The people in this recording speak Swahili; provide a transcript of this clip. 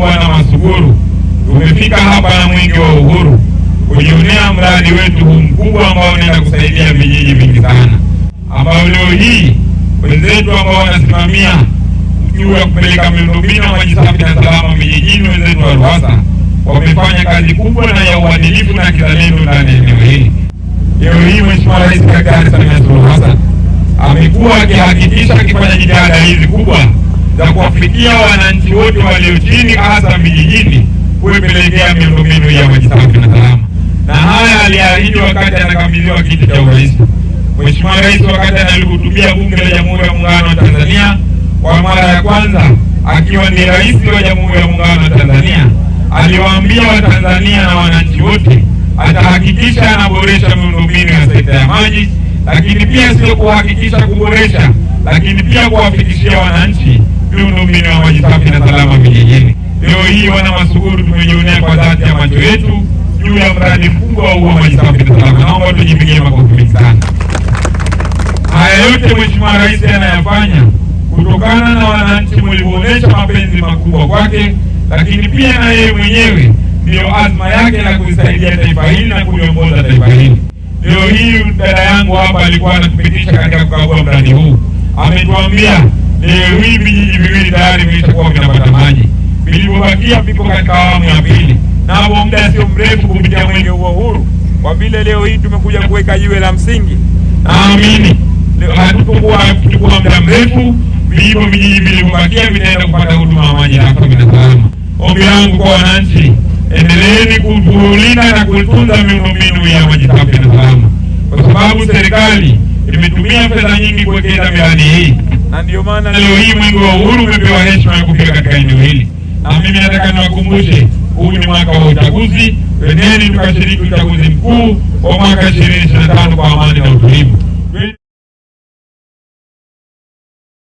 wangu wana Masuguru, umefika hapa na mwingi wa uhuru kujionea mradi wetu huu mkubwa ambao unaenda kusaidia vijiji vingi sana, ambao leo hii wenzetu ambao wanasimamia juu ya kupeleka miundombinu ya maji safi na salama vijijini, wenzetu wa RUWASA wamefanya kazi kubwa na ya uadilifu na kizalendo ndani ya eneo hili. Leo hii Mheshimiwa Rais Daktari Samia Suluhu Hassan amekuwa akihakikisha akifanya jitihada kuwafikia wananchi wote walio chini, hasa vijijini, kuipelekea miundombinu ya maji safi na salama. Na haya aliahidi wakati anakabidhiwa kiti cha urais. Mheshimiwa Rais wakati analihutubia Bunge la Jamhuri ya Muungano wa Tanzania kwa mara ya kwanza akiwa ni rais wa Jamhuri ya Muungano wa Tanzania, aliwaambia Watanzania na wananchi wote atahakikisha anaboresha miundombinu ya sekta ya maji, lakini pia sio kuhakikisha kuboresha, lakini pia kuwafikishia wananchi miundombinu ya maji safi na salama vijijini. Leo hii wana Masuguru tumejionea kwa dhati ya macho yetu juu ya mradi mkubwa huu wa maji safi na salama. Naomba tujipigie makofi mengi sana. Haya yote Mheshimiwa Rais anayafanya kutokana na wananchi mlivyoonyesha mapenzi makubwa kwake, lakini pia na yeye mwenyewe ndiyo azma yake na kuisaidia taifa hili na kuliongoza taifa hili. Leo hii dada yangu hapa alikuwa anatupitisha katika kukagua mradi huu, ametuambia hii eh, vijiji viwili tayari vilitakuwa vinapata maji, vilivyobakia vipo katika awamu ya pili, na muda sio mrefu kupitia mwenge huo huru. Kwa vile leo hii tumekuja kuweka jiwe la msingi, naamini hatutokuwa kuchukua muda mrefu, vilivyo vijiji vilivyobakia vinaenda kupata huduma ya maji safi na salama. Ombi langu kwa wananchi, endeleeni kuulinda na kuitunza miundombinu ya maji safi na salama, kwa sababu serikali imetumia fedha nyingi kuwekeza miradi hii na ndio maana leo hii mwenge wa uhuru umepewa heshima ya kufika katika eneo hili, na mimi nataka niwakumbushe, huu ni mwaka wa uchaguzi. Pendeni tukashiriki uchaguzi mkuu wa mwaka 2025 kwa amani.